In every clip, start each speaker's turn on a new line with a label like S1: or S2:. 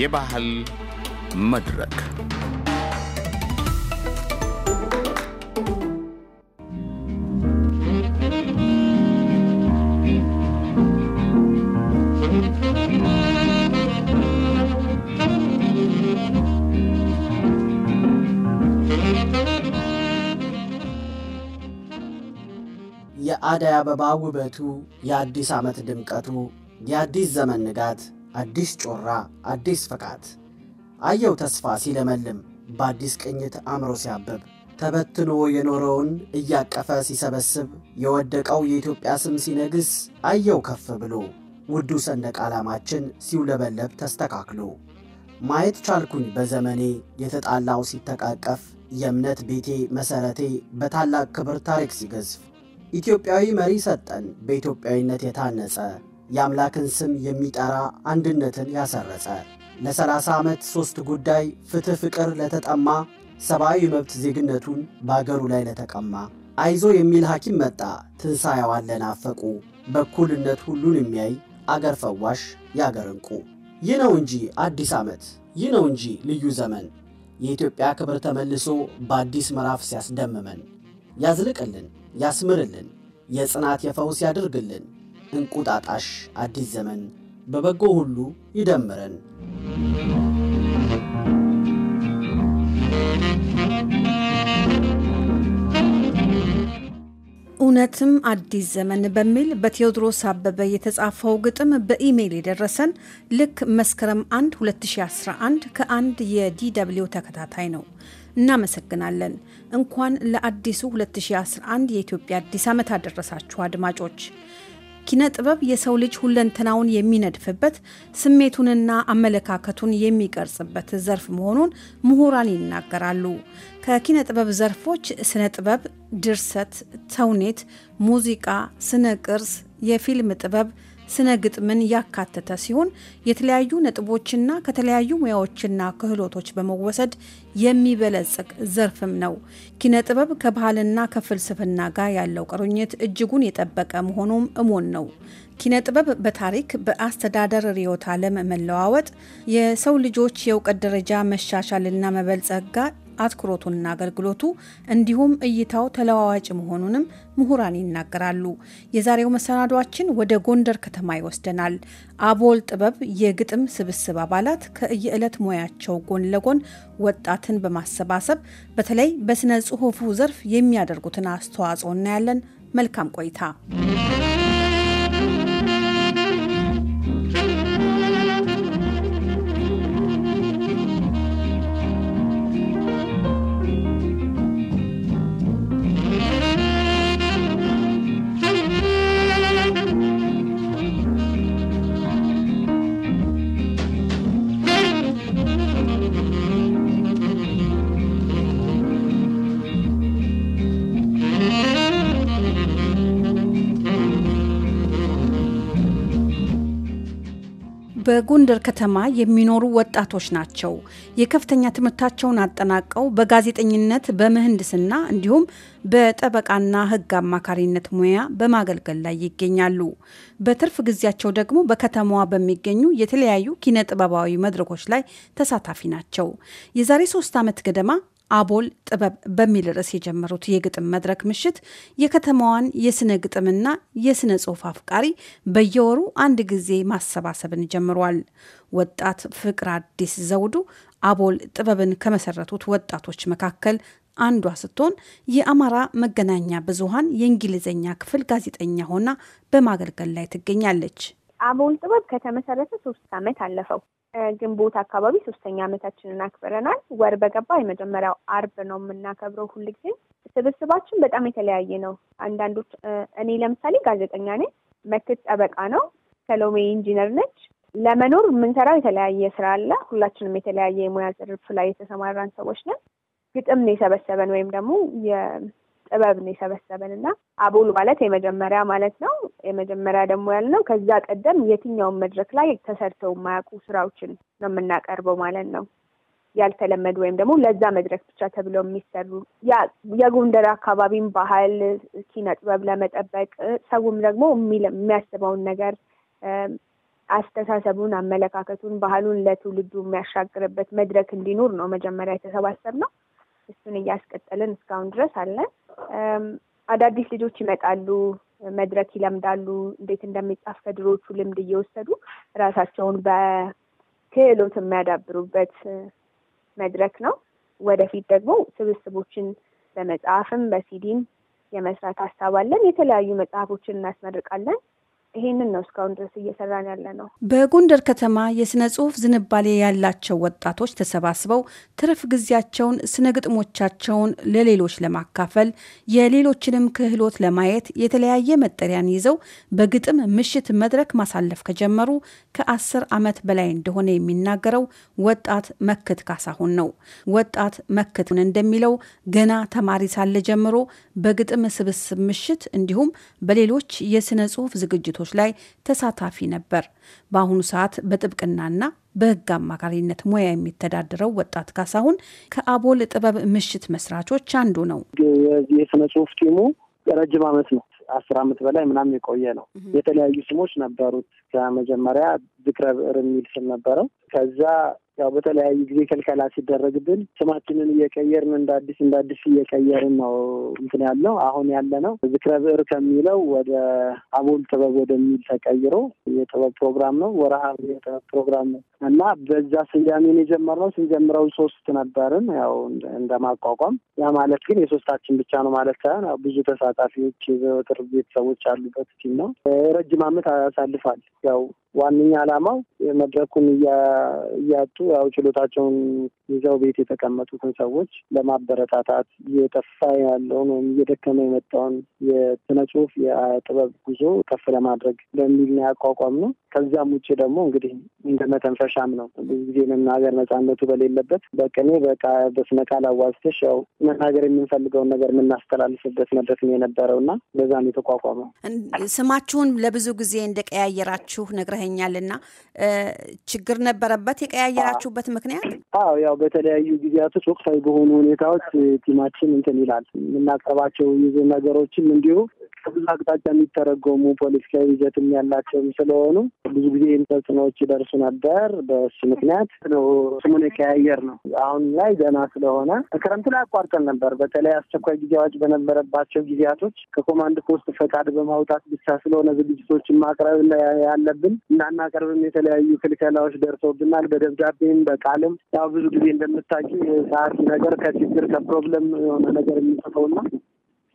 S1: የባህል መድረክ
S2: የአደይ አበባ ውበቱ፣ የአዲስ ዓመት ድምቀቱ፣ የአዲስ ዘመን ንጋት አዲስ ጮራ አዲስ ፍካት አየው ተስፋ ሲለመልም በአዲስ ቅኝት አእምሮ ሲያብብ ተበትኖ የኖረውን እያቀፈ ሲሰበስብ የወደቀው የኢትዮጵያ ስም ሲነግስ አየው ከፍ ብሎ ውዱ ሰንደቅ ዓላማችን ሲውለበለብ ተስተካክሎ ማየት ቻልኩኝ በዘመኔ የተጣላው ሲተቃቀፍ የእምነት ቤቴ መሠረቴ በታላቅ ክብር ታሪክ ሲገዝፍ ኢትዮጵያዊ መሪ ሰጠን በኢትዮጵያዊነት የታነጸ የአምላክን ስም የሚጠራ አንድነትን ያሰረጸ ለ30 ዓመት ሦስት ጉዳይ ፍትሕ፣ ፍቅር ለተጠማ ሰብአዊ መብት ዜግነቱን በአገሩ ላይ ለተቀማ አይዞ የሚል ሐኪም መጣ ትንሣኤዋን ለናፈቁ በኩልነት ሁሉን የሚያይ አገር ፈዋሽ የአገር እንቁ። ይህ ነው እንጂ አዲስ ዓመት፣ ይህ ነው እንጂ ልዩ ዘመን የኢትዮጵያ ክብር ተመልሶ በአዲስ ምዕራፍ ሲያስደምመን፣ ያዝልቅልን፣ ያስምርልን፣ የጽናት የፈውስ ያድርግልን። እንቁጣጣሽ አዲስ ዘመን በበጎ ሁሉ ይደምረን።
S3: እውነትም አዲስ ዘመን በሚል በቴዎድሮስ አበበ የተጻፈው ግጥም በኢሜይል የደረሰን ልክ መስከረም 1 2011 ከአንድ የዲደብሊው ተከታታይ ነው። እናመሰግናለን። እንኳን ለአዲሱ 2011 የኢትዮጵያ አዲስ ዓመት አደረሳችሁ አድማጮች። ኪነ ጥበብ የሰው ልጅ ሁለንተናውን የሚነድፍበት ስሜቱንና አመለካከቱን የሚቀርጽበት ዘርፍ መሆኑን ምሁራን ይናገራሉ። ከኪነ ጥበብ ዘርፎች ስነ ጥበብ፣ ድርሰት፣ ተውኔት፣ ሙዚቃ፣ ስነ ቅርስ፣ የፊልም ጥበብ ስነ ግጥምን ያካተተ ሲሆን የተለያዩ ነጥቦችና ከተለያዩ ሙያዎችና ክህሎቶች በመወሰድ የሚበለጽግ ዘርፍም ነው። ኪነ ጥበብ ከባህልና ከፍልስፍና ጋር ያለው ቁርኝት እጅጉን የጠበቀ መሆኑም እሞን ነው። ኪነ ጥበብ በታሪክ በአስተዳደር ርዕዮተ ዓለም መለዋወጥ፣ የሰው ልጆች የእውቀት ደረጃ መሻሻልና መበልጸግ ጋር አትኩሮቱንና አገልግሎቱ እንዲሁም እይታው ተለዋዋጭ መሆኑንም ምሁራን ይናገራሉ። የዛሬው መሰናዷችን ወደ ጎንደር ከተማ ይወስደናል። አቦል ጥበብ የግጥም ስብስብ አባላት ከየዕለት ሙያቸው ጎን ለጎን ወጣትን በማሰባሰብ በተለይ በስነ ጽሁፉ ዘርፍ የሚያደርጉትን አስተዋጽኦ እናያለን። መልካም ቆይታ። በጎንደር ከተማ የሚኖሩ ወጣቶች ናቸው። የከፍተኛ ትምህርታቸውን አጠናቀው በጋዜጠኝነት በምህንድስና እንዲሁም በጠበቃና ሕግ አማካሪነት ሙያ በማገልገል ላይ ይገኛሉ። በትርፍ ጊዜያቸው ደግሞ በከተማዋ በሚገኙ የተለያዩ ኪነ ጥበባዊ መድረኮች ላይ ተሳታፊ ናቸው። የዛሬ ሶስት ዓመት ገደማ አቦል ጥበብ በሚል ርዕስ የጀመሩት የግጥም መድረክ ምሽት የከተማዋን የስነ ግጥምና የስነ ጽሑፍ አፍቃሪ በየወሩ አንድ ጊዜ ማሰባሰብን ጀምሯል። ወጣት ፍቅር አዲስ ዘውዱ አቦል ጥበብን ከመሰረቱት ወጣቶች መካከል አንዷ ስትሆን የአማራ መገናኛ ብዙኃን የእንግሊዝኛ ክፍል ጋዜጠኛ ሆና በማገልገል ላይ ትገኛለች።
S4: አቦል ጥበብ ከተመሰረተ ሶስት ዓመት አለፈው። ግንቦት አካባቢ ሶስተኛ ዓመታችንን አክብረናል። ወር በገባ የመጀመሪያው አርብ ነው የምናከብረው። ሁል ጊዜ ስብስባችን በጣም የተለያየ ነው። አንዳንዶች እኔ ለምሳሌ ጋዜጠኛ ነኝ፣ መክት ጠበቃ ነው፣ ሰሎሜ ኢንጂነር ነች። ለመኖር የምንሰራው የተለያየ ስራ አለ። ሁላችንም የተለያየ የሙያ ዘርፍ ላይ የተሰማራን ሰዎች ነን። ግጥም ነው የሰበሰበን ወይም ደግሞ ጥበብ ነው የሰበሰበን እና አቡል ማለት የመጀመሪያ ማለት ነው። የመጀመሪያ ደግሞ ያልነው ከዛ ቀደም የትኛውን መድረክ ላይ ተሰርተው የማያውቁ ስራዎችን ነው የምናቀርበው ማለት ነው። ያልተለመዱ ወይም ደግሞ ለዛ መድረክ ብቻ ተብለው የሚሰሩ የጎንደር አካባቢን ባህል ኪነ ጥበብ ለመጠበቅ ሰውም ደግሞ የሚያስበውን ነገር አስተሳሰቡን፣ አመለካከቱን፣ ባህሉን ለትውልዱ የሚያሻግርበት መድረክ እንዲኖር ነው መጀመሪያ የተሰባሰብ ነው። እሱን እያስቀጠልን እስካሁን ድረስ አለን። አዳዲስ ልጆች ይመጣሉ፣ መድረክ ይለምዳሉ፣ እንዴት እንደሚጻፍ ከድሮቹ ልምድ እየወሰዱ ራሳቸውን በክህሎት የሚያዳብሩበት መድረክ ነው። ወደፊት ደግሞ ስብስቦችን በመጽሐፍም በሲዲም የመስራት ሀሳብ አለን። የተለያዩ መጽሐፎችን እናስመርቃለን። ይሄንን ነው እስካሁን ድረስ እየሰራን ያለ ነው።
S3: በጎንደር ከተማ የስነ ጽሁፍ ዝንባሌ ያላቸው ወጣቶች ተሰባስበው ትርፍ ጊዜያቸውን ስነ ግጥሞቻቸውን ለሌሎች ለማካፈል የሌሎችንም ክህሎት ለማየት የተለያየ መጠሪያን ይዘው በግጥም ምሽት መድረክ ማሳለፍ ከጀመሩ ከአስር ዓመት በላይ እንደሆነ የሚናገረው ወጣት መክት ካሳሁን ነው። ወጣት መክትን እንደሚለው ገና ተማሪ ሳለ ጀምሮ በግጥም ስብስብ ምሽት እንዲሁም በሌሎች የስነ ጽሁፍ ዝግጅቶች ጥቃቶች ላይ ተሳታፊ ነበር። በአሁኑ ሰዓት በጥብቅናና በሕግ አማካሪነት ሙያ የሚተዳደረው ወጣት ካሳሁን ከአቦል ጥበብ ምሽት መስራቾች አንዱ ነው።
S1: የዚህ የስነ ጽሁፍ ቲሙ ረጅም አመት ነው፣ አስር ዓመት በላይ ምናምን የቆየ ነው። የተለያዩ ስሞች ነበሩት። ከመጀመሪያ ዝክረብዕር የሚል ስም ነበረው። ከዛ ያው በተለያዩ ጊዜ ክልከላ ሲደረግብን ስማችንን እየቀየርን እንደ አዲስ እንደ አዲስ እየቀየርን ነው እንትን ያለው አሁን ያለ ነው ዝክረ ብዕር ከሚለው ወደ አቦል ጥበብ ወደሚል ተቀይሮ የጥበብ ፕሮግራም ነው ወረሃብ የጥበብ ፕሮግራም ነው እና በዛ ስያሜን የጀመርነው ስንጀምረው ሶስት ነበርን ያው እንደ ማቋቋም ያ ማለት ግን የሶስታችን ብቻ ነው ማለት ሳይሆን ብዙ ተሳታፊዎች የዘወትር ቤተሰቦች አሉበት ሲል ነው ረጅም አመት አሳልፋል ያው ዋነኛ ዓላማው መድረኩን እያጡ ያው ችሎታቸውን ይዘው ቤት የተቀመጡትን ሰዎች ለማበረታታት እየጠፋ ያለውን ወይም እየደከመ የመጣውን የስነ ጽሁፍ የጥበብ ጉዞ ከፍ ለማድረግ በሚል ነው ያቋቋም ነው። ከዚያም ውጭ ደግሞ እንግዲህ እንደ መተንፈሻም ነው። ብዙ ጊዜ መናገር ነጻነቱ በሌለበት በቅኔ በስነ ቃል አዋዝተሽ ያው መናገር የምንፈልገውን ነገር የምናስተላልፍበት መድረክ ነው የነበረው እና በዛም የተቋቋመው
S3: ስማችሁን ለብዙ ጊዜ እንደቀያየራችሁ ነግረ ብለኸኛልና ችግር ነበረበት የቀያየራችሁበት ምክንያት?
S1: አዎ ያው በተለያዩ ጊዜያቶች ወቅታዊ በሆኑ ሁኔታዎች ቲማችን እንትን ይላል የምናቀርባቸው ነገሮችም እንዲሁ ከብዙ አቅጣጫ የሚተረጎሙ ፖለቲካዊ ይዘትም ያላቸውም ስለሆኑ ብዙ ጊዜ ተጽዕኖዎች ይደርሱ ነበር። በሱ ምክንያት ነው ስሙን የቀያየር ነው። አሁን ላይ ገና ስለሆነ ክረምት ላይ አቋርጠን ነበር። በተለይ አስቸኳይ ጊዜ አዋጅ በነበረባቸው ጊዜያቶች ከኮማንድ ፖስት ፈቃድ በማውጣት ብቻ ስለሆነ ዝግጅቶችን ማቅረብ ያለብን እንዳናቀርብም የተለያዩ ክልከላዎች ደርሰውብናል። በደብዳቤም በቃልም ያው ብዙ ጊዜ እንደምታውቂው የጸሐፊ ነገር ከችግር ከፕሮብለም የሆነ ነገር የሚጽፈውና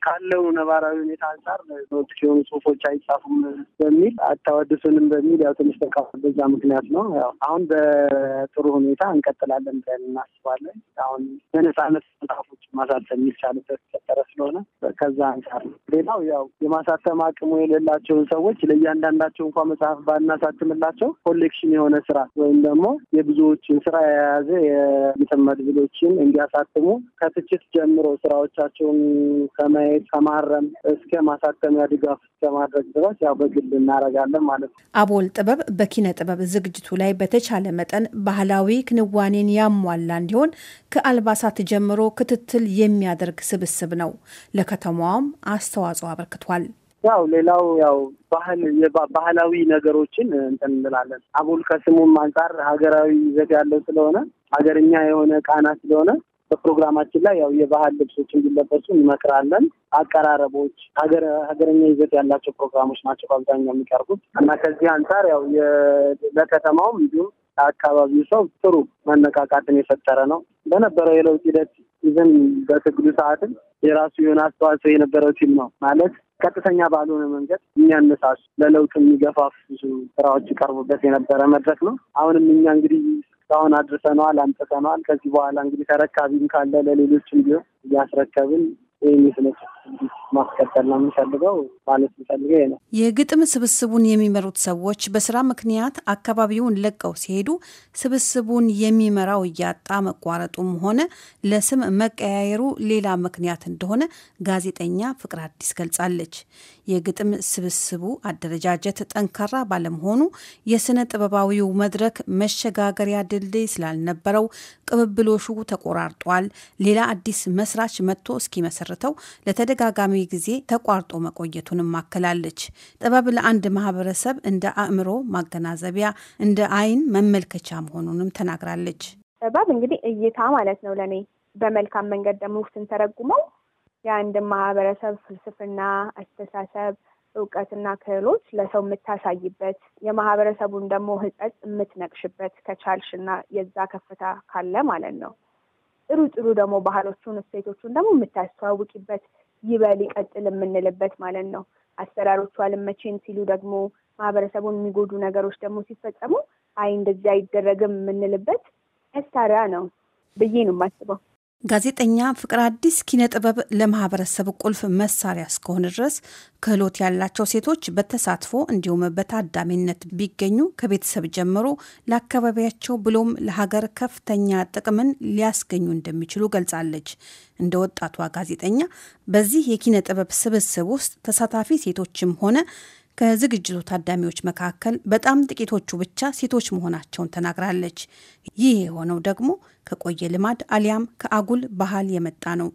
S1: ካለው ነባራዊ ሁኔታ አንጻር ኖት የሆኑ ጽሁፎች አይጻፉም በሚል አታወድሱንም በሚል ያው ትንሽ ተቃውሞ በዛ ምክንያት ነው። ያው አሁን በጥሩ ሁኔታ እንቀጥላለን ብለን እናስባለን። አሁን በነጻነት መጽሐፎች ማሳተም የሚቻልበት ተፈጠረ ስለሆነ ከዛ አንጻር ነው። ሌላው ያው የማሳተም አቅሙ የሌላቸውን ሰዎች ለእያንዳንዳቸው እንኳ መጽሐፍ ባናሳትምላቸው ኮሌክሽን የሆነ ስራ ወይም ደግሞ የብዙዎችን ስራ የያዘ የምጥመድ ብሎችን እንዲያሳትሙ ከትችት ጀምሮ ስራዎቻቸውን ከመ ከማየት ከማረም እስከ ማሳተሚያ ድጋፍ እስከማድረግ ድረስ ያው በግል እናደርጋለን ማለት ነው።
S3: አቦል ጥበብ በኪነ ጥበብ ዝግጅቱ ላይ በተቻለ መጠን ባህላዊ ክንዋኔን ያሟላ እንዲሆን ከአልባሳት ጀምሮ ክትትል የሚያደርግ ስብስብ ነው። ለከተማዋም አስተዋጽኦ አበርክቷል።
S1: ያው ሌላው ያው ባህል ባህላዊ ነገሮችን እንትን እንላለን። አቦል ከስሙም አንጻር ሀገራዊ ይዘት ያለው ስለሆነ ሀገርኛ የሆነ ቃና ስለሆነ በፕሮግራማችን ላይ ያው የባህል ልብሶች እንዲለበሱ እንመክራለን። አቀራረቦች ሀገረኛ ይዘት ያላቸው ፕሮግራሞች ናቸው በአብዛኛው የሚቀርቡት እና ከዚህ አንጻር ያው ለከተማውም እንዲሁም ለአካባቢው ሰው ጥሩ መነቃቃትን የፈጠረ ነው። በነበረው የለውጥ ሂደት ይዘን በትግሉ ሰዓትም የራሱ የሆነ አስተዋጽኦ የነበረው ሲል ነው ማለት ቀጥተኛ ባልሆነ መንገድ የሚያነሳሱ ለለውጥ ብዙ ስራዎች ይቀርቡበት የነበረ መድረክ ነው። አሁንም እኛ እንግዲህ እስካሁን አድርሰነዋል፣ አምጥተነዋል። ከዚህ በኋላ እንግዲህ ተረካቢም ካለ ለሌሎችም ቢሆን እያስረከብን ይህን ይስነች ማስቀጠል ነው የምፈልገው ማለት የምፈልገው ነው።
S3: የግጥም ስብስቡን የሚመሩት ሰዎች በስራ ምክንያት አካባቢውን ለቀው ሲሄዱ ስብስቡን የሚመራው እያጣ መቋረጡም ሆነ ለስም መቀያየሩ ሌላ ምክንያት እንደሆነ ጋዜጠኛ ፍቅር አዲስ ገልጻለች። የግጥም ስብስቡ አደረጃጀት ጠንካራ ባለመሆኑ የስነ ጥበባዊው መድረክ መሸጋገሪያ ድልድይ ስላልነበረው ቅብብሎሹ ተቆራርጧል። ሌላ አዲስ መስራች መጥቶ እስኪመሰርተው ለተደ በተደጋጋሚ ጊዜ ተቋርጦ መቆየቱንም ማከላለች። ጥበብ ለአንድ ማህበረሰብ እንደ አእምሮ ማገናዘቢያ፣ እንደ አይን መመልከቻ መሆኑንም ተናግራለች።
S4: ጥበብ እንግዲህ እይታ ማለት ነው። ለእኔ በመልካም መንገድ ደግሞ ስንተረጉመው የአንድ ማህበረሰብ ፍልስፍና፣ አስተሳሰብ፣ እውቀትና ክህሎች ለሰው የምታሳይበት የማህበረሰቡን ደግሞ ሕጸጽ የምትነቅሽበት ከቻልሽና የዛ ከፍታ ካለ ማለት ነው ጥሩ ጥሩ ደግሞ ባህሎቹን እሴቶቹን ደግሞ የምታስተዋውቂበት ይበል ይቀጥል የምንልበት ማለት ነው። አሰራሮቹ አልመቼን ሲሉ ደግሞ ማህበረሰቡን የሚጎዱ ነገሮች ደግሞ ሲፈጸሙ አይ እንደዚህ አይደረግም የምንልበት መሳሪያ ነው ብዬ ነው የማስበው።
S3: ጋዜጠኛ ፍቅር አዲስ ኪነ ጥበብ ለማህበረሰብ ቁልፍ መሳሪያ እስከሆነ ድረስ ክህሎት ያላቸው ሴቶች በተሳትፎ እንዲሁም በታዳሚነት ቢገኙ ከቤተሰብ ጀምሮ ለአካባቢያቸው ብሎም ለሀገር ከፍተኛ ጥቅምን ሊያስገኙ እንደሚችሉ ገልጻለች። እንደ ወጣቷ ጋዜጠኛ በዚህ የኪነ ጥበብ ስብስብ ውስጥ ተሳታፊ ሴቶችም ሆነ ከዝግጅቱ ታዳሚዎች መካከል በጣም ጥቂቶቹ ብቻ ሴቶች መሆናቸውን ተናግራለች። ይህ የሆነው ደግሞ ከቆየ ልማድ አሊያም ከአጉል ባህል የመጣ ነው።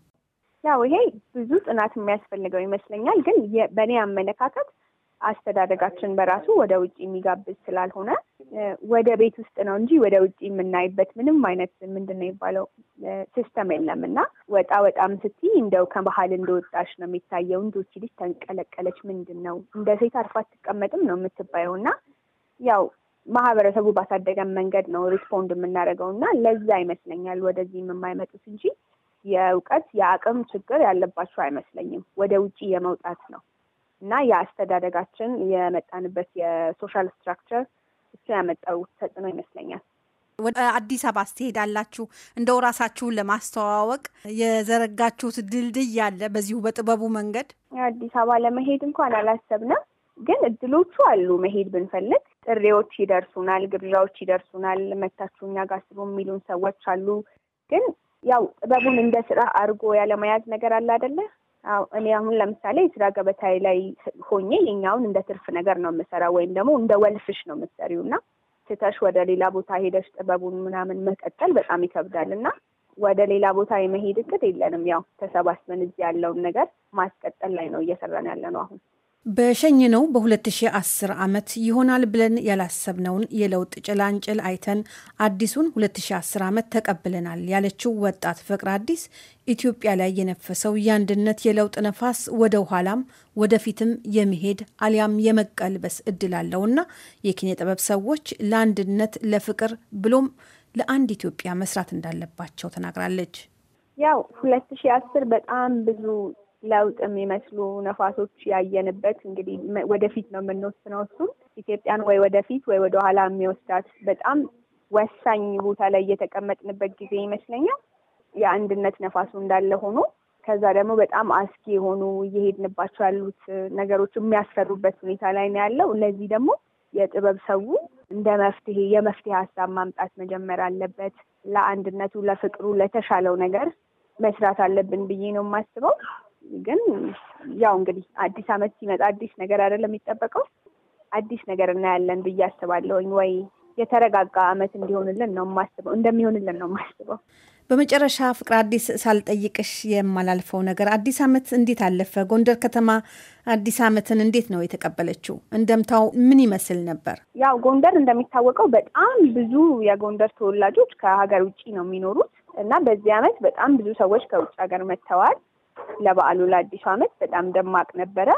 S4: ያው ይሄ ብዙ ጥናት የሚያስፈልገው ይመስለኛል። ግን በእኔ አመለካከት አስተዳደጋችን በራሱ ወደ ውጭ የሚጋብዝ ስላልሆነ ወደ ቤት ውስጥ ነው እንጂ ወደ ውጭ የምናይበት ምንም አይነት ምንድን ነው የሚባለው ሲስተም የለም እና ወጣ ወጣም ስትይ እንደው ከባህል እንደወጣሽ ነው የሚታየው። እንዶች ልጅ ተንቀለቀለች ምንድን ነው እንደ ሴት አርፋ አትቀመጥም ነው የምትባየው። እና ያው ማህበረሰቡ ባሳደገን መንገድ ነው ሪስፖንድ የምናደርገው እና ለዛ ይመስለኛል ወደዚህ የማይመጡት እንጂ የእውቀት የአቅም ችግር ያለባቸው አይመስለኝም። ወደ ውጭ የመውጣት ነው እና የአስተዳደጋችን የመጣንበት የሶሻል ስትራክቸር እሱ ያመጣው ተጽዕኖ ይመስለኛል።
S3: ወደ አዲስ አበባ ስትሄዳላችሁ እንደው ራሳችሁን ለማስተዋወቅ የዘረጋችሁት ድልድይ ያለ በዚሁ በጥበቡ መንገድ አዲስ አበባ ለመሄድ እንኳን አላሰብንም፣ ግን
S4: እድሎቹ አሉ። መሄድ ብንፈልግ ጥሪዎች ይደርሱናል፣ ግብዣዎች ይደርሱናል። መታችሁ እኛ ጋር ስሩ የሚሉን ሰዎች አሉ። ግን ያው ጥበቡን እንደ ስራ አድርጎ ያለመያዝ ነገር አለ አይደለ? እኔ አሁን ለምሳሌ ስራ ገበታዬ ላይ ሆኜ የኛውን እንደ ትርፍ ነገር ነው የምሰራው፣ ወይም ደግሞ እንደ ወልፍሽ ነው የምትሰሪው እና ትተሽ ወደ ሌላ ቦታ ሄደሽ ጥበቡን ምናምን መቀጠል በጣም ይከብዳል እና ወደ ሌላ ቦታ የመሄድ እቅድ የለንም። ያው ተሰባስበን እዚህ ያለውን ነገር ማስቀጠል ላይ ነው እየሰራን ያለ ነው አሁን
S3: በሸኝነው በ2010 ዓመት ይሆናል ብለን ያላሰብነውን የለውጥ ጭላንጭል አይተን አዲሱን 2010 ዓመት ተቀብለናል ያለችው ወጣት ፍቅር አዲስ ኢትዮጵያ ላይ የነፈሰው የአንድነት የለውጥ ነፋስ ወደ ኋላም ወደፊትም የመሄድ አሊያም የመቀልበስ እድል አለውና የኪነ ጥበብ ሰዎች ለአንድነት፣ ለፍቅር ብሎም ለአንድ ኢትዮጵያ መስራት እንዳለባቸው ተናግራለች። ያው ሁለት አስር
S4: በጣም ብዙ ለውጥ የሚመስሉ ነፋሶች ያየንበት እንግዲህ ወደፊት ነው የምንወስነው። እሱም ኢትዮጵያን ወይ ወደፊት ወይ ወደኋላ የሚወስዳት በጣም ወሳኝ ቦታ ላይ እየተቀመጥንበት ጊዜ ይመስለኛል። የአንድነት ነፋሱ እንዳለ ሆኖ ከዛ ደግሞ በጣም አስጊ የሆኑ እየሄድንባቸው ያሉት ነገሮች የሚያስፈሩበት ሁኔታ ላይ ነው ያለው። ለዚህ ደግሞ የጥበብ ሰው እንደ መፍትሄ የመፍትሄ ሀሳብ ማምጣት መጀመር አለበት። ለአንድነቱ፣ ለፍቅሩ፣ ለተሻለው ነገር መስራት አለብን ብዬ ነው የማስበው። ግን ያው እንግዲህ አዲስ አመት ሲመጣ አዲስ ነገር አይደለም የሚጠበቀው አዲስ ነገር እናያለን ብዬ አስባለሁኝ። ወይ የተረጋጋ አመት እንዲሆንልን ነው
S3: የማስበው እንደሚሆንልን ነው የማስበው። በመጨረሻ ፍቅር አዲስ ሳልጠይቅሽ የማላልፈው ነገር አዲስ አመት እንዴት አለፈ? ጎንደር ከተማ አዲስ አመትን እንዴት ነው የተቀበለችው? እንደምታው ምን ይመስል ነበር?
S4: ያው ጎንደር እንደሚታወቀው በጣም ብዙ የጎንደር ተወላጆች ከሀገር ውጭ ነው የሚኖሩት እና በዚህ አመት በጣም ብዙ ሰዎች ከውጭ ሀገር መጥተዋል። ለበዓሉ ለአዲሱ ዓመት በጣም ደማቅ ነበረ።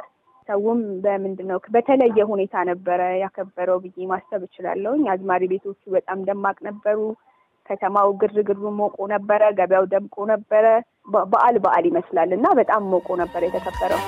S4: ሰውም በምንድን ነው በተለየ ሁኔታ ነበረ ያከበረው ብዬ ማሰብ እችላለሁኝ። አዝማሪ ቤቶቹ በጣም ደማቅ ነበሩ። ከተማው ግርግሩ ሞቆ ነበረ። ገበያው ደምቆ ነበረ። በዓል በዓል ይመስላል እና በጣም ሞቆ ነበረ የተከበረው።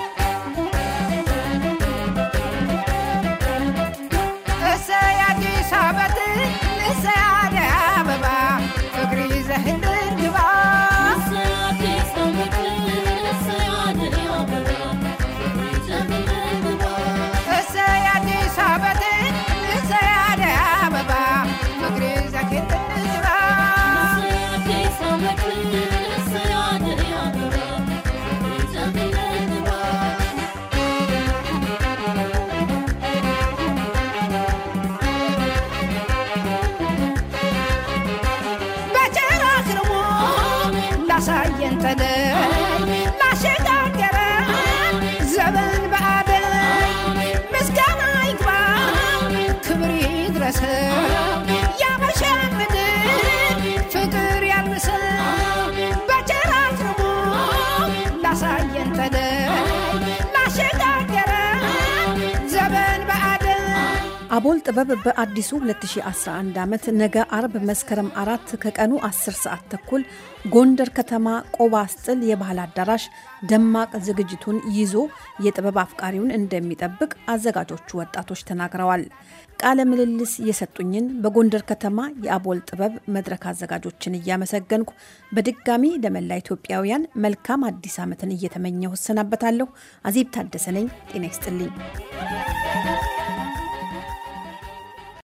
S4: 在的。
S3: አቦል ጥበብ በአዲሱ 2011 ዓመት ነገ አርብ መስከረም አራት ከቀኑ 10 ሰዓት ተኩል ጎንደር ከተማ ቆባ ስጥል የባህል አዳራሽ ደማቅ ዝግጅቱን ይዞ የጥበብ አፍቃሪውን እንደሚጠብቅ አዘጋጆቹ ወጣቶች ተናግረዋል። ቃለ ምልልስ የሰጡኝን በጎንደር ከተማ የአቦል ጥበብ መድረክ አዘጋጆችን እያመሰገንኩ በድጋሚ ለመላ ኢትዮጵያውያን መልካም አዲስ ዓመትን እየተመኘሁ እሰናበታለሁ። አዜብ ታደሰ ነኝ። ጤና ይስጥልኝ።